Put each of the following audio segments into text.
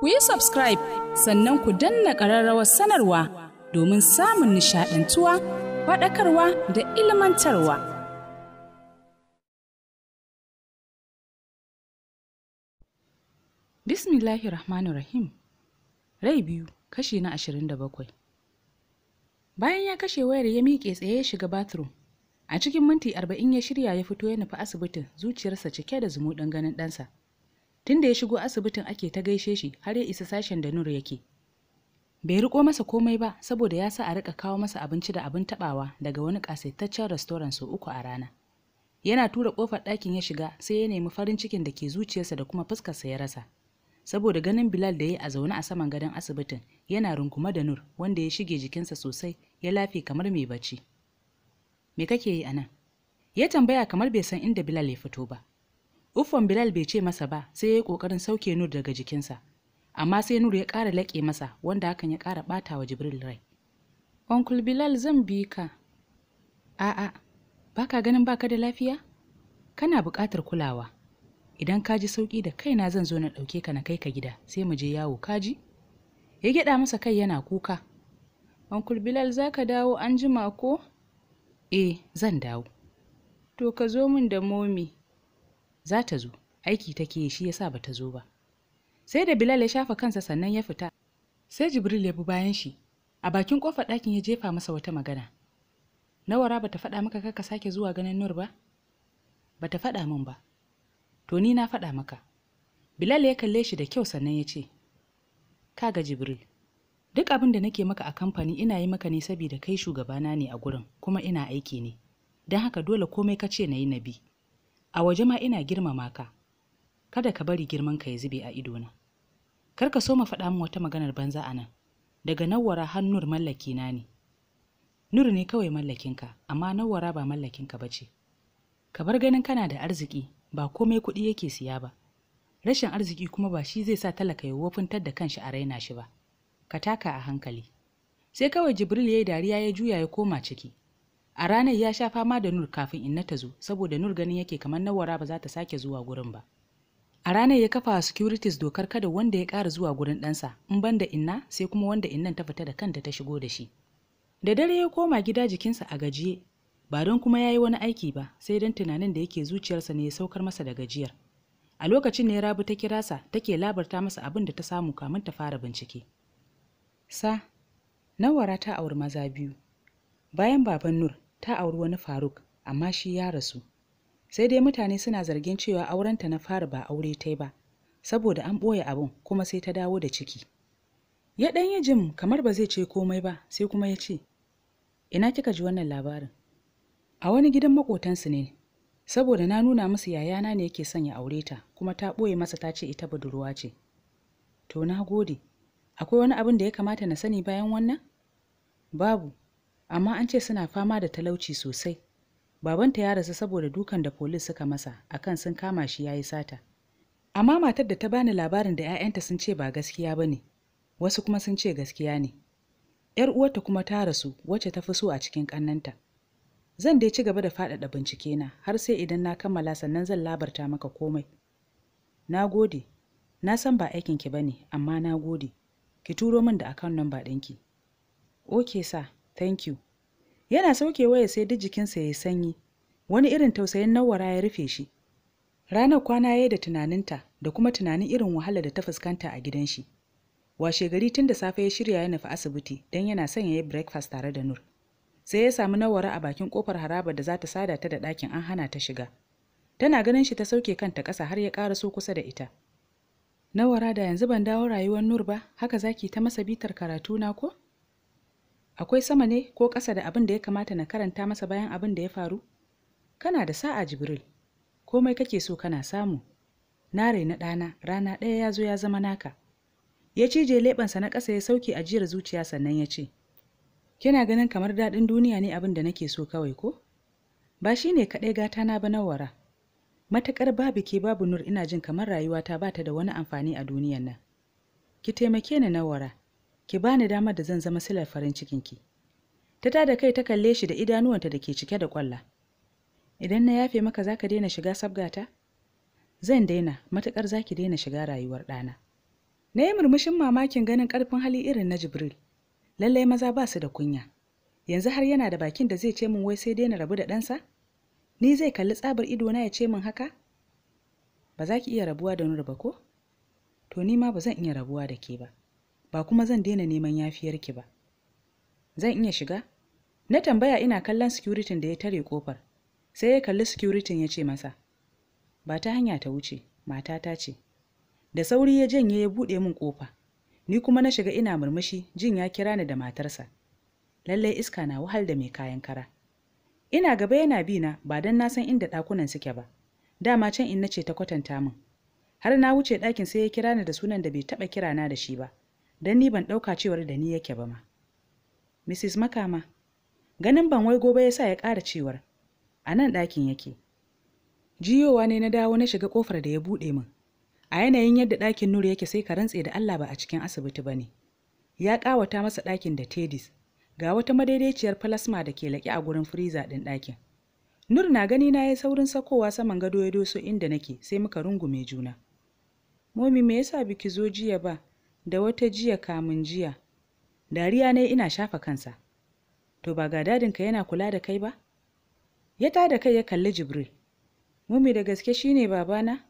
ku yi subscribe sannan ku danna ƙararrawar sanarwa domin samun nishaɗantuwa faɗakarwa da ilmantarwa. Bismillahi Rahmanu Rahim Rai biyu kashi na ashirin da bakwai. Bayan ya kashe wayar ya miƙe tsaye ya shiga bathroom. A cikin minti arba'in ya shirya ya fito ya nufi asibitin zuciyarsa cike da zumuɗin ganin ɗansa. Tunda ya shigo asibitin ake ta gaishe shi har ya isa sashen da Nur yake. Bai riko masa komai ba saboda ya sa a rika kawo masa abinci da abin tabawa daga wani kasaitaccen restoran sau uku a rana. Yana tura kofar ɗakin ya shiga sai ya nemi farin cikin da ke zuciyarsa da kuma fuskarsa ya rasa. Saboda ganin Bilal da ya a zaune a saman gadon asibitin yana rungume da Nur wanda ya shige jikinsa sosai ya lafe kamar mai bacci. Me kake yi anan? Ya tambaya kamar bai san inda Bilal ya fito ba. Uffan Bilal bai ce masa ba sai ya yi ƙoƙarin sauke Nur daga jikinsa. Amma sai Nur ya ƙara laƙe masa wanda hakan ya ƙara ɓata wa Jibril rai. Onkul Bilal zan bi ka. A'a, baka ganin baka da lafiya? Kana buƙatar kulawa. Idan ka ji sauƙi da kaina zan zo na ɗauke ka na kai ka gida sai mu je yawo ka ji. Ya gyaɗa masa kai yana kuka. Onkul Bilal za ka dawo an jima ko? Eh, zan dawo. To ka zo min da momi. za ta zo aiki take shi yasa ba ta zo ba sai da bilal ya shafa kansa sannan ya fita sai jibril ya bi bayan shi a bakin kofar ɗakin ya jefa masa wata magana nawara bata faɗa maka kaka sake zuwa ganin nur ba bata faɗa min ba to ni na faɗa maka bilal ya kalle shi da kyau sannan ya ce Ka ga jibril duk abin da nake maka a kamfani ina yi maka ne saboda kai shugabana ne a gurin kuma ina aiki ne don haka dole komai ka ce na yi na bi a waje ma ina girmama ka kada ka bari girman ka ya zube a idona kar ka so ma faɗa min wata maganar banza a nan daga nawara hannur mallaki na ne nur ne kawai mallakinka amma nawara ba mallakinka ba ce ka bar ganin kana da arziki ba komai kuɗi yake siya ba rashin arziki kuma ba shi zai sa talaka ya wofintar da kanshi a raina shi ba ka taka a hankali sai kawai jibril ya yi dariya ya juya ya koma ciki a ranar ya sha fama da nur kafin inna ta zo saboda nur ganin yake kamar nawara ba za ta sake zuwa gurin ba a ranar ya kafa securities dokar kada wanda ya ƙara zuwa gurin ɗansa in ban da inna sai kuma wanda innan ta fita da kanta ta shigo da shi da dare ya koma gida jikinsa a gajiye ba don kuma ya yi wani aiki ba sai don tunanin da yake zuciyarsa ne ya saukar masa da gajiyar a lokacin ne rabu ta kira sa take labarta masa abin da ta samu kamin ta fara bincike sa nawara ta auri maza biyu bayan baban nur ta auri wani faruk amma shi ya rasu sai dai mutane suna zargin cewa aurenta na fara ba aure ta ba saboda an ɓoye abin kuma sai ta dawo da ciki ya ɗan yi jim kamar ba zai ce komai ba sai kuma ya ce ina kika ji wannan labarin a wani gidan maƙotansu ne saboda na nuna musu yayana ne yake son ya aure ta kuma ta ɓoye masa ta ce ita budurwa ce to na gode akwai wani abin da ya kamata na sani bayan wannan babu amma an ce suna fama da talauci sosai babanta ya rasu saboda dukan da polis suka masa akan sun kama shi ya yi sata amma matar da ta bani labarin da 'ya'yanta sun ce ba gaskiya ba ne wasu kuma sun ce gaskiya ne ‘yar uwarta kuma ta rasu wacce ta fi so a cikin ƙannanta zan dai ci gaba da faɗaɗa bincike na har sai idan na kammala sannan zan labarta maka komai na gode na san ba aikinki ba ne amma na gode ki turo min da akan nan ba ɗinki oke sa thank you yana saukewa ya sai duk jikinsa ya sanyi wani irin tausayin nawara ya rufe shi ranar kwana ya da tunaninta da kuma tunanin irin wahala da ta fuskanta a gidan shi washe gari tun da safe ya shirya ya nufi asibiti don yana son ya yi breakfast tare da nur sai ya samu nawara a bakin kofar haraba da za ta sada ta da ɗakin an hana ta shiga tana ganin shi ta sauke kanta ƙasa har ya ƙara so kusa da ita nawara da yanzu ban dawo rayuwar nur ba haka zaki ta masa bitar karatu na ko akwai sama ne ko ƙasa da abin da ya kamata na karanta masa bayan abin da ya faru kana da sa'a jibril komai kake so kana samu na na ɗana rana ɗaya ya zo ya zama naka ya cije leɓensa na ƙasa ya sauke ajiyar zuciya sannan ya ce kina ganin kamar daɗin duniya ne abin da nake so kawai ko ba shi ne kaɗai gata na ba nawara babu ke babu nur ina jin kamar rayuwata ba ta da wani amfani a duniyan nan ki taimake ni nawara ki bani damar da zan zama silar farin cikinki ta da kai ta kalle shi da idanuwanta da ke cike da kwalla idan na yafe maka zaka daina shiga sabgata zan daina matukar zaki daina shiga rayuwar ɗana na yi murmushin mamakin ganin ƙarfin hali irin na jibril lallai maza ba su da kunya yanzu har yana da bakin da zai ce min wai sai daina rabu da ɗansa ni zai kalli tsabar idona ya ce min haka ba za ki iya rabuwa da nura ba ko to ni ma ba zan iya rabuwa da ke ba ba kuma zan daina neman yafiyarki ba zan iya shiga na tambaya ina kallon sikuritin da ya tare kofar sai ya kalli sikuritin ya ce masa ba ta hanya ta wuce mata ta ce da sauri ya janye ya buɗe min kofa ni kuma na shiga ina murmushi jin ya kira ni da matarsa lallai iska na wahal da mai kayan kara ina gaba yana bi na ba don na san inda ɗakunan suke ba dama can in ce ta kwatanta min har na wuce ɗakin sai ya kira ni da sunan da bai taɓa kira na da shi ba don ni ban ɗauka cewar da ni yake ba ma mrs makama ganin ban wai gobe ya sa ya ƙara cewar a nan ɗakin yake jiyowa ne na dawo na shiga ƙofar da ya buɗe min a yanayin yadda ɗakin nur yake sai ka rantse da allah ba a cikin asibiti ba ne ya ƙawata masa ɗakin da tedis ga wata madaidaiciyar plasma da ke laƙi a gurin firiza ɗin ɗakin nur na gani na ya saurin sakowa saman gado ya doso inda nake sai muka rungume juna momi me yasa biki zo jiya ba da wata jiya kamun jiya dariya ne ina shafa kansa to ba ga dadinka yana kula da kai ba ya ta da kai ya kalli jibril Mumi da gaske shine babana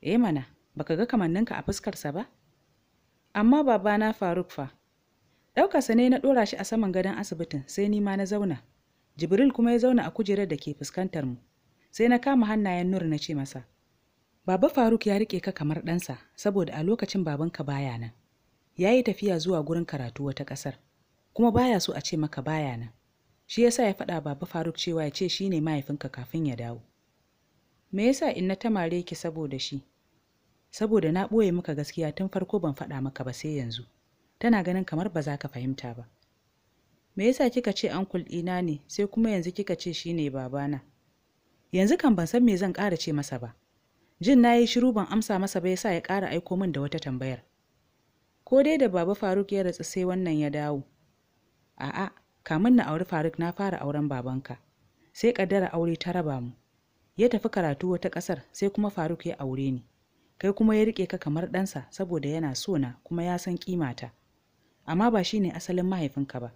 eh mana baka ga kamanninka a fuskarsa ba amma babana faruk fa ɗaukarsa ne na ɗora shi a saman gadon asibitin sai ni ma na zauna jibril kuma ya zauna a kujerar da ke fuskantar mu sai na kama hannayen nur na ce masa Baba Faruk ya rike ka kamar ɗansa saboda a lokacin babanka baya nan. Ya yi tafiya zuwa gurin karatu wata ƙasar, kuma baya so a ce maka baya nan. Shi yasa ya faɗa Baba Faruk cewa ya ce shi ne mahaifinka kafin ya dawo. Me yasa in na tamare ki saboda shi? Saboda na ɓoye maka gaskiya tun farko ban faɗa maka ba sai yanzu. Tana ganin kamar ba za ka fahimta ba. Me yasa kika ce ankul ɗina ne sai kuma yanzu kika ce shi ne babana? Yanzu kan ban san me zan ƙara ce masa ba. jin na yi shiru ban amsa masa ba ya sa ya ƙara aiko min da wata tambayar ko dai da baba faruk ya ratsa sai wannan ya dawo a'a kamin na auri faruk na fara auren babanka sai ƙaddara aure ta raba mu ya tafi karatu wata ƙasar sai kuma faruk ya aure ni kai kuma ya rike ka kamar ɗansa saboda yana so na kuma ya san ƙimata amma ba shine asalin mahaifinka ba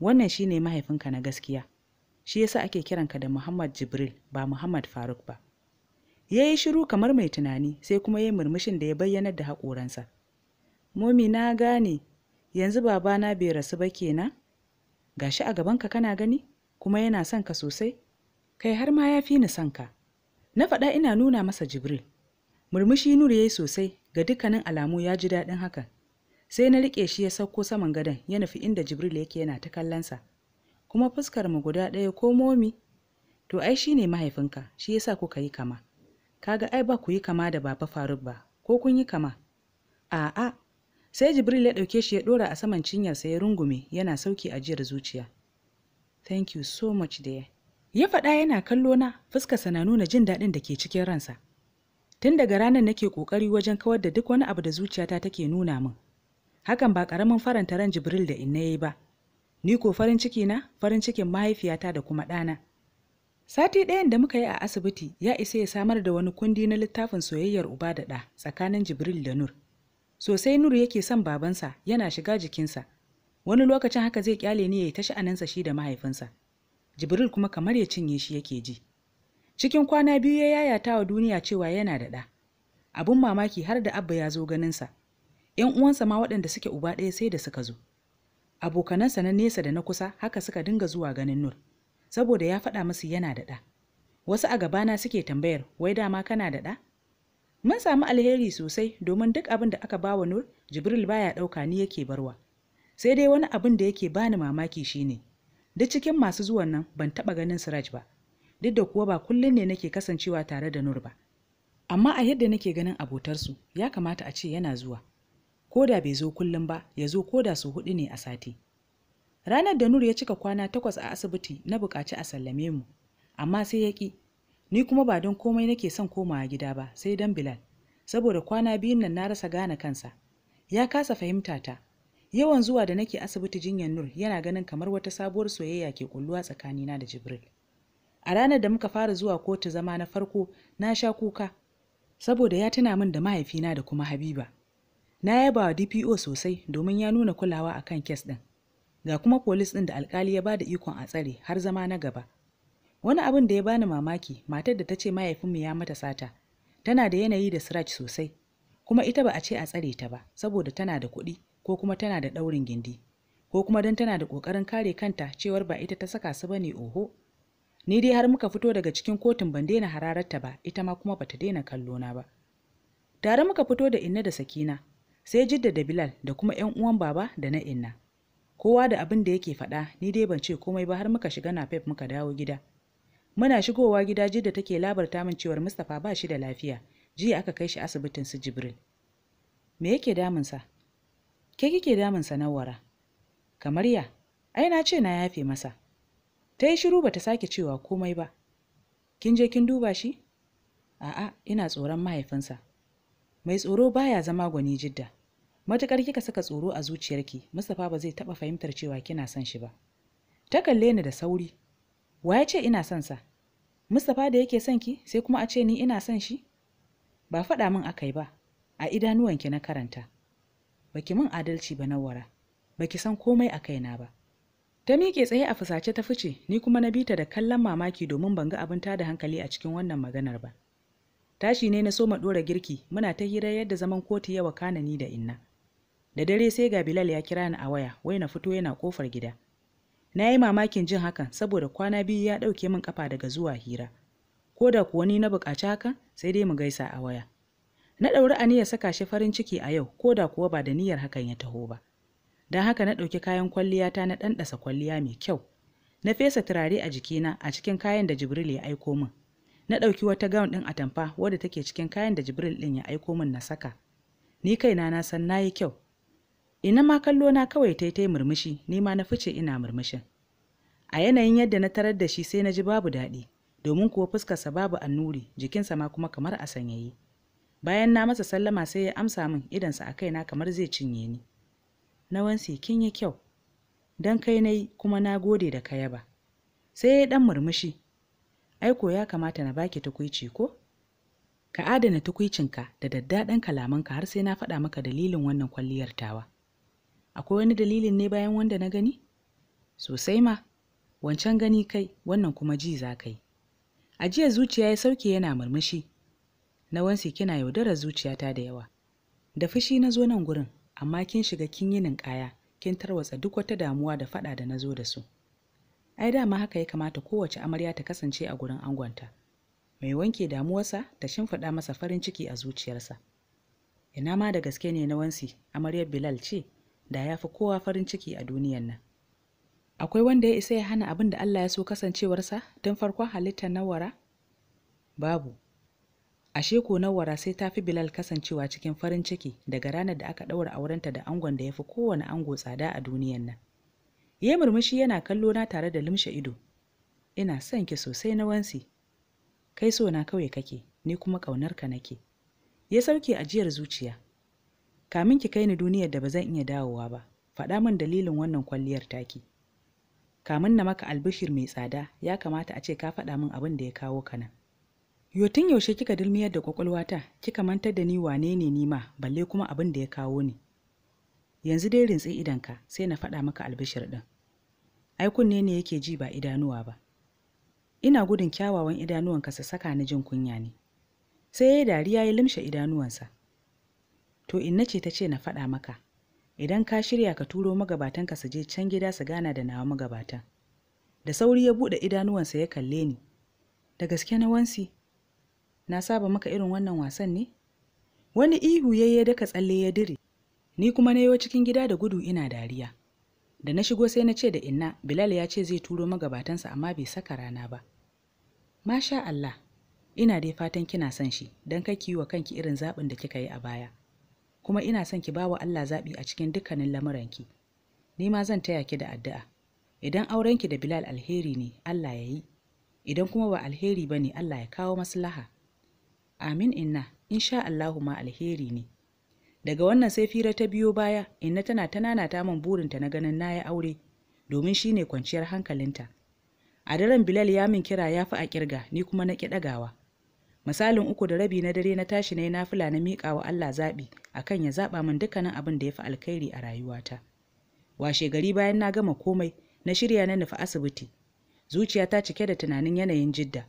wannan shine mahaifinka na gaskiya shi yasa ake kiranka da muhammad jibril ba muhammad faruk ba ya yi shiru kamar mai tunani sai kuma ya yi murmushin da ya bayyanar da haƙoransa momi na gane yanzu babana bai rasu ba kenan gashi a gabanka kana gani kuma yana son ka sosai kai har ma ya fi ni son ka na faɗa ina nuna masa jibril murmushi nur ya yi sosai ga dukkanin alamu ya ji daɗin hakan sai na riƙe shi ya sauko saman gadon ya nufi inda jibril yake yana ta kallonsa kuma fuskar mu guda ɗaya ko momi to ai shi ne mahaifinka shi yasa kuka yi kama kaga ai ba ku yi kama da baba faruk ba ko kun yi kama a'a sai jibril ya ɗauke shi ya ɗora a saman cinyarsa ya rungume yana sauki ajiyar zuciya thank you so much ya faɗa yana kallo na fuskarsa na nuna jin daɗin da ke cikin ransa tun daga ranar nake ƙoƙari wajen kawar da duk wani abu da zuciyata take nuna min hakan ba ƙaramin faranta ran jibril da inna yi ba ni ko farin ciki na farin cikin mahaifiyata da kuma ɗana Sati ɗayan da muka yi a asibiti ya isa ya samar da wani kundi na littafin soyayyar uba da ɗa tsakanin Jibril da Nur. Sosai Nur yake son babansa yana shiga jikinsa. Wani lokacin haka zai kyale ne ya yi ta sha'aninsa shi da mahaifinsa. Jibril kuma kamar ya cinye shi yake ji. Cikin kwana biyu ya yayata wa duniya cewa yana da ɗa. Abun mamaki har da Abba ya zo ganinsa. ‘Yan uwansa ma waɗanda suke uba ɗaya sai da suka zo. Abokanansa na nesa da na kusa haka suka dinga zuwa ganin Nur. saboda ya faɗa musu yana da ɗa wasu a gabana suke tambayar wai dama kana da ɗa mun samu alheri sosai domin duk abin da aka bawa nur jibril baya ɗauka ni yake barwa sai dai wani abin da yake bani mamaki shine duk cikin masu zuwan nan ban taɓa ganin siraj ba duk da kuwa ba kullum ne nake kasancewa tare da nur ba amma a yadda nake ganin abotarsu ya kamata a ce yana zuwa ko da bai zo kullum ba ya zo ko da su hudu ne a sati Ranar da Nur ya cika kwana takwas a asibiti na buƙaci a sallame mu, amma sai ya ƙi. Ni kuma ba don komai nake son komawa gida ba, sai don Bilal, saboda kwana biyun nan na rasa gane kansa. Ya kasa fahimta ta. Yawan zuwa da nake asibiti jinyar Nur yana ganin kamar wata sabuwar soyayya ke kulluwa tsakanina da Jibril. A ranar da muka fara zuwa kotu zama na farko, na sha kuka saboda ya tuna min da mahaifina da kuma Habiba. Na yaba wa DPO sosai domin ya nuna kulawa akan kes ɗin. ga kuma polis ɗin da alkali ya ba da ikon a tsare har zama na gaba wani abin da ya bani mamaki matar da ta ce mahaifinmu ya mata sata tana da yanayi da sirac sosai kuma ita ba a ce a tsare ta ba saboda tana da kuɗi ko kuma tana da ɗaurin gindi ko kuma don tana da ƙoƙarin kare kanta cewar ba ita ta saka su ba ne oho ni dai har muka fito daga cikin kotun ban daina hararta ba ita ma kuma bata daina kallona ba tare muka fito da inna da sakina sai jidda da bilal da kuma yan uwan baba da na inna kowa da abin da yake faɗa ni dai ban ce komai ba har muka shiga nafef muka dawo gida muna shigowa gida jidda take labarta min cewar mustapha ba shi da lafiya jiya aka kai shi asibitin su jibril me yake damun sa ke kike damunsa nawara kamar ya ai na ce na yafe masa ta yi shiru bata sake cewa komai ba kin je kin duba shi a'a ina tsoron mahaifinsa mai tsoro baya zama gwani jidda matukar kika saka tsoro a zuciyarki, Mustapha ba zai taɓa fahimtar cewa kina son shi ba. Ta kalle ni da sauri. Wa ya ce ina son sa? Mustapha da yake son ki sai kuma a ce ni ina son shi? Ba faɗa min aka ba, a idanuwanki na karanta. Baki min adalci ba nawara, baki san komai a kaina ba. Ta miƙe tsaye a fusace ta fice, ni kuma na bita da kallon mamaki domin ban ga abin tada hankali a cikin wannan maganar ba. Tashi ne na soma dora ɗora girki, muna ta hira yadda zaman kotu ya wakana ni da inna. da dare sai ga bilal ya kira ni a waya wai na fito yana kofar gida na yi mamakin jin hakan saboda kwana biyu ya ɗauke min kafa daga zuwa hira ko da kuwa ni na buƙaci hakan sai dai mu gaisa a waya na ɗauri aniyar saka shi farin ciki a yau ko da kuwa ba da niyyar hakan ya taho ba don haka na ɗauki kayan kwalliyata na ɗanɗasa kwalliya mai kyau na fesa turare a jikina a cikin kayan da jibril ya aiko min na ɗauki wata gaun ɗin atamfa wadda take cikin kayan da jibril ɗin ya aiko min na saka ni kaina na san na yi kyau ina ma kallo na kawai ta yi murmushi ni ma na fice ina murmushin a yanayin yadda na tarar da shi sai na ji babu daɗi domin kuwa fuskarsa babu annuri jikinsa ma kuma kamar a sanyaye bayan na masa sallama sai ya amsa min idansa a kaina kamar zai cinye ni na wansi kin yi kyau don kai na yi kuma na gode da ka yaba sai ya ɗan murmushi aiko ya kamata na baki tukwici, ko ka adana tukuicinka da daddaɗan kalamanka har sai na faɗa maka dalilin wannan kwalliyar tawa akwai wani dalilin ne bayan wanda na gani sosai ma wancan gani kai wannan kuma ji za yi. a jiya zuciya ya sauke yana murmushi na wansi kina yaudarar zuciyata da yawa da fushi na zo nan gurin amma kin shiga kin yi ninkaya kin tarwatsa duk wata damuwa da faɗa da na zo da su ai dama haka ya kamata kowace amarya ta kasance a gurin angonta mai wanke damuwarsa ta shimfiɗa masa farin ciki a zuciyarsa ina ma da gaske ne na wansi amaryar bilal ce da ya fi kowa farin ciki a duniyan nan akwai wanda ya isa ya hana abin da Allah ya so kasancewarsa tun farkon halittar nawara babu ashe ko nawara sai ta fi bilal kasancewa cikin farin ciki daga ranar da aka ɗaura aurenta da angon da ya fi kowane ango tsada a duniyan nan ya murmushi yana kallo na tare da limshe ido ina son ki sosai na wansi kai so na kawai kake ni kuma ƙaunarka nake ya sauke ajiyar zuciya kamin ki kai ni duniyar da ba zan iya dawowa ba faɗa min dalilin wannan kwalliyar taki kamin na maka albishir mai tsada ya kamata a ce ka faɗa min abin da ya kawo ka nan yotin yaushe kika dulmiyar da kwakwalwata kika mantar da ni wane ne ni ma balle kuma abin da ya kawo ni yanzu dai rintsi idanka sai na faɗa maka albishir ɗin ai kunne ne yake ji ba idanuwa ba ina gudun kyawawan idanuwanka su saka ni jin kunya ne sai ya dariya ya limshe idanuwansa To inna ce ta ce na faɗa maka. Idan ka shirya ka turo magabatanka su je can gida su gana da nawa magabatan. Da sauri ya buɗe idanuwansa ya kalle ni. Da gaske na wansi. Na saba maka irin wannan wasan ne? Wani ihu ya yi daka tsalle ya dire. Ni kuma na yiwa cikin gida da gudu ina dariya. Da na shigo sai na ce da inna Bilal ya ce zai turo magabatansa amma bai saka rana ba. Masha Allah, ina dai fatan kina son shi don kai wa kanki irin zaɓin da kika yi a baya. kuma ina son ki bawa Allah zaɓi a cikin dukkanin lamuranki ni ma zan taya ki da addu'a idan aurenki da Bilal alheri ne Allah ya yi idan kuma ba alheri ba ne Allah ya kawo maslaha amin inna insha Allahu ma alheri ne daga wannan sai fira ta biyo baya inna tana ta min burinta na ganin na yi aure domin shi ne kwanciyar hankalinta a daren bilal ya min kira ya fi a kirga ni kuma na ki ɗagawa misalin uku da rabi na dare na tashi na yi nafila na miƙa wa Allah zaɓi akan ya zaɓa min dukkanin abin da ya fi alkhairi a rayuwata washe gari bayan na gama komai na shirya na nufi asibiti Zuciya ta cike da tunanin yanayin jidda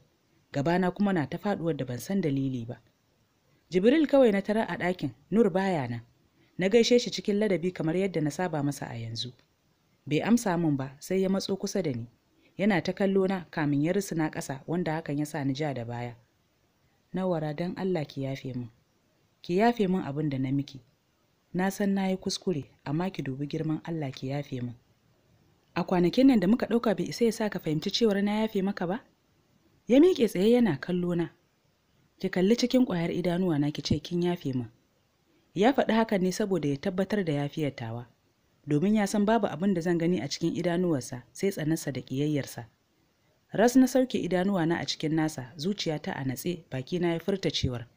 gabana kuma na ta faɗuwar da ban san dalili ba jibril kawai na tara a ɗakin nur baya nan na gaishe shi cikin ladabi kamar yadda na saba masa a yanzu bai amsa min ba sai ya matso kusa da ni yana ta kallo na kamin ya rusuna ƙasa wanda hakan ya sa ni ja da baya nawara don allah ki yafe min ki yafe min abin da na miki na san na yi kuskure amma ki dubi girman allah ki yafe min a kwanakin nan da muka ɗauka bai isa ya sa ka fahimci cewar na yafe maka ba ya miƙe tsaye yana kallo na ki kalli cikin ƙwayar idanuwa na ki ce kin yafe min ya faɗi hakan ne saboda ya tabbatar da yafiyar tawa domin ya san babu abin da zan gani a cikin idanuwarsa sai tsanarsa da ƙiyayyarsa ras na sauke idanuwa na a cikin nasa zuciyata a natse bakina ya furta cewar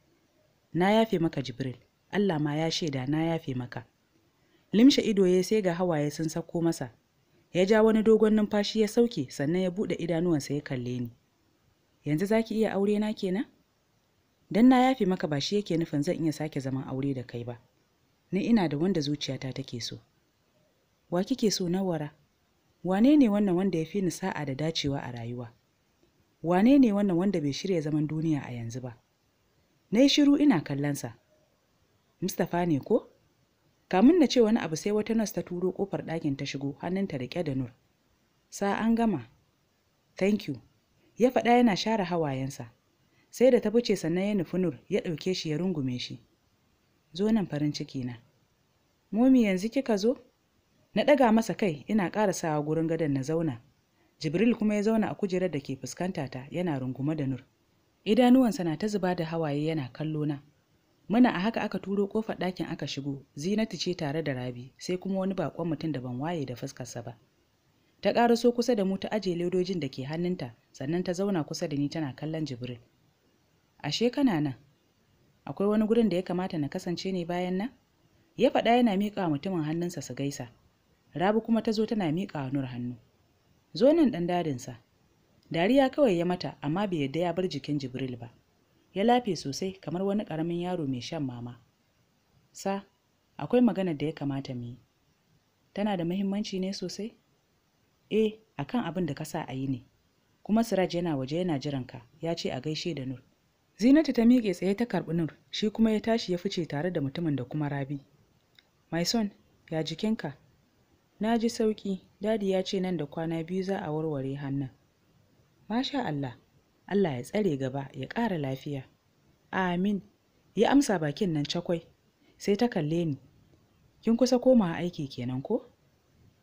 na yafe maka jibril allah ma ya shaida na yafe maka limshe ido ya sai ga hawaye sun sako masa ya ja wani dogon numfashi ya sauke sannan ya buɗe idanuwansa ya kalle ni yanzu zaki iya aure na kenan dan na yafe maka ba shi yake nufin zan iya sake zaman aure da kai ba ni ina da wanda zuciyata take so wa kike so na wara wane ne wannan wanda ya fi ni sa'a da dacewa a rayuwa wane ne wannan wanda bai shirya zaman duniya a yanzu ba na yi shiru ina kallonsa mustapha ne ko kamun na ce wani abu sai wata nas ta turo kofar ɗakin ta shigo hannunta riƙe da nur sa an gama thank you ya faɗa yana share hawayensa sai da ta fice sannan ya nufi nur ya ɗauke shi ya rungume shi zo nan farin ciki na momi yanzu kika zo na ɗaga masa kai ina ƙara sawa gurin gadon na zauna jibril kuma ya zauna a kujerar da ke fuskanta ta yana rungume da nur idanuwansa na ta zuba da hawaye yana kallo na muna a haka aka turo kofar ɗakin aka shigo zinatu ce tare da rabi sai kuma wani baƙon mutum da ban waye da fuskarsa ba ta ƙaraso kusa da mu ta aje ledojin da ke hannunta sannan ta zauna kusa da ni tana kallon jibril ashe kana nan akwai wani gurin da ya kamata na kasance ne bayan nan ya faɗa yana miƙa mutumin hannunsa su gaisa rabu kuma ta zo tana miƙa nur hannu zo nan ɗan dadinsa dariya kawai ya mata amma bai yadda ya bar jikin jibril ba ya lafe sosai kamar wani ƙaramin yaro mai shan mama sa akwai magana da ya kamata mu yi tana da muhimmanci ne sosai eh akan abin da ka sa a yi ne kuma siraj yana waje yana jiranka ya ce a gaishe da nur zinatu ta miƙe tsaye ta karɓi nur shi kuma ya tashi ya fice tare da mutumin da kuma rabi my son ya jikinka na ji sauƙi dadi ya ce nan da kwana biyu za a warware hannun Masha Allah, Allah ya tsare gaba ya ƙara lafiya. Amin, ya amsa bakin nan cakwai, sai ta kalle ni. Kin kusa komawa aiki kenan ko?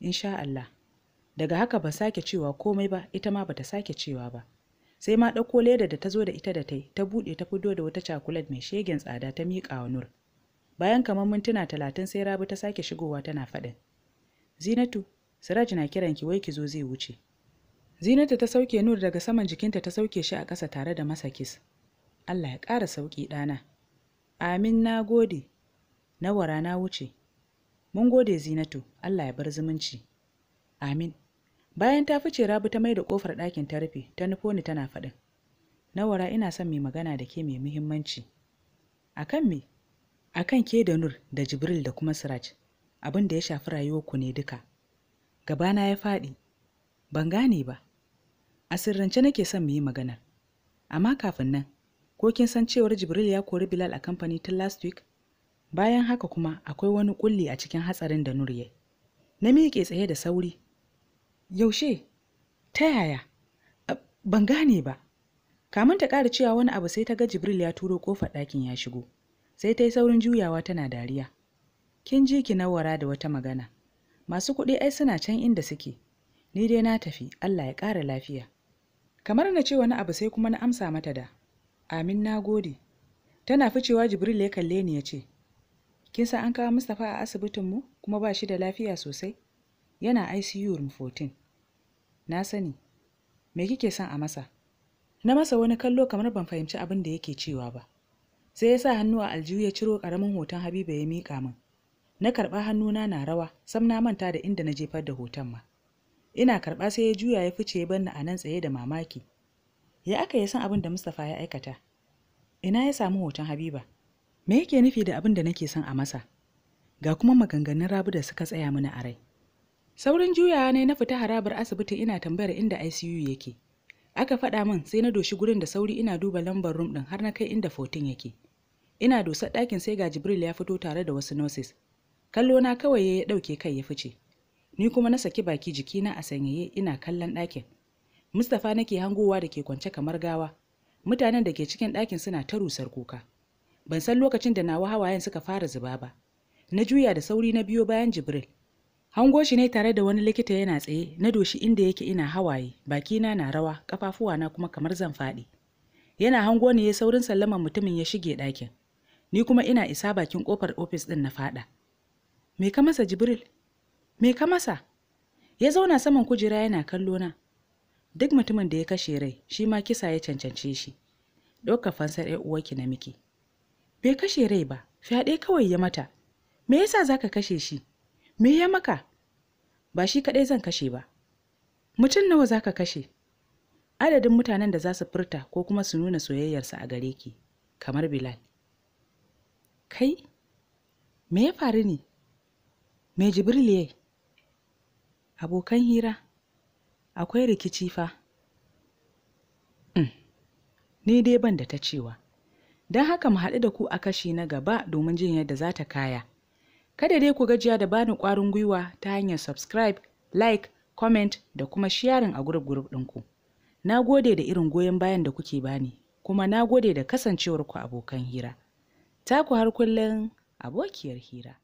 Insha Allah. Daga haka ba sake cewa komai ba, ita ma ba ta sake cewa ba. Sai ma ɗauko leda da ta zo da ita da ta yi, ta buɗe ta fito da wata cakulat mai shegen tsada ta miƙa wa Nur. Bayan kamar mintuna talatin sai Rabi ta sake shigowa tana faɗin. Zinatu, Siraj na kiranki wai ki zo zai wuce. Zinata ta sauke Nur daga saman jikinta ta sauke shi a ƙasa tare da masa kis. Allah ya ƙara sauƙi ɗana. Amin na gode. Nawara na wuce. Mun gode Zinatu, Allah ya bar zumunci. Amin. Bayan ta fice rabu ta mai da ƙofar ɗakin ta rufe, ta nufo ni tana faɗin. Nawara ina son mai magana da ke mai muhimmanci. Akan me? Akan ke da Nur da Jibril da kuma Siraj. Abin da ya shafi rayuwarku ne duka. Gabana ya faɗi, Ban gane ba. A sirrance nake son mu yi maganar. Amma kafin nan, ko kin san cewar Jibril ya kori Bilal a kamfani tun last week? Bayan haka kuma akwai wani kulli a cikin hatsarin da Nur ya. Na miƙe tsaye da sauri. Yaushe? Ta yaya? Ban gane ba. Kamun ta ƙara cewa wani abu sai ta ga Jibril ya turo ƙofar ɗakin ya shigo. Sai ta yi saurin juyawa tana dariya. Kin ji ki nawara da wata magana. Masu kuɗi ai suna can inda suke. ni dai na tafi allah ya ƙara lafiya kamar na ce wani abu sai kuma na amsa mata da amin na gode tana ficewa jibril ya kalle ni ya ce kin san an kawo mustapha a asibitinmu kuma ba shi da lafiya sosai yana icu room 14 na sani me kike son a masa na masa wani kallo kamar ban fahimci abin da yake cewa ba sai ya sa hannu a aljihu ya ciro ƙaramin hoton habiba ya miƙa min na karɓa hannuna na rawa sam na manta da inda na jefar da hoton ma ina karɓa sai ya juya ya fice ya banni a nan tsaye da mamaki ya aka ya san abin da mustapha ya aikata ina ya samu hoton habiba me yake nufi da abin da nake son a masa ga kuma maganganun rabu da suka tsaya mini a rai saurin juyawa ne na fita harabar asibiti ina tambayar inda icu yake aka faɗa min sai na doshi gurin da sauri ina duba lambar rum ɗin har na kai inda 14 yake ina dosar ɗakin sai ga jibril ya fito tare da wasu nurses kallo na kawai ya ɗauke kai ya fice ni kuma na saki baki jikina a sanyaye ina kallon ɗakin mustapha nake hangowa da ke kwance kamar gawa mutanen da ke cikin ɗakin suna ta rusar kuka ban san lokacin da nawa hawayen suka fara zuba ba na juya da sauri na biyo bayan jibril hango shi ne tare da wani likita yana tsaye na doshi inda yake ina hawaye bakina na rawa kafafuwana kuma kamar zan faɗi yana hango ne ya saurin sallaman mutumin ya shige ɗakin ni kuma ina isa bakin kofar ofis ɗin na faɗa me ka masa jibril me ka masa ya zauna saman kujera yana kallo na duk mutumin da ya kashe rai shi ma kisa ya cancance shi ɗaukar fansar ‘yar uwarki na miki bai kashe rai ba fyaɗe kawai ya mata me yasa za ka kashe shi me ya maka ba shi kaɗai zan kashe ba mutum nawa za ka kashe adadin mutanen da za su furta ko kuma su nuna soyayyarsa a gare ki kamar bilal kai me ya faru ne me jibril yayi Abokan hira, akwai rikici fa. Mm. ni dai ban da ta cewa. Don haka mu haɗu da ku a kashi na gaba domin jin yadda za ta kaya. Kada dai ku gajiya da bani ƙwarin gwiwa ta hanyar subscribe, like, comment da kuma sharing a gurub gurub ɗinku. Na gode da irin goyon bayan da kuke bani, kuma na gode da kasancewarku abokan hira. Taku har kullum abokiyar hira.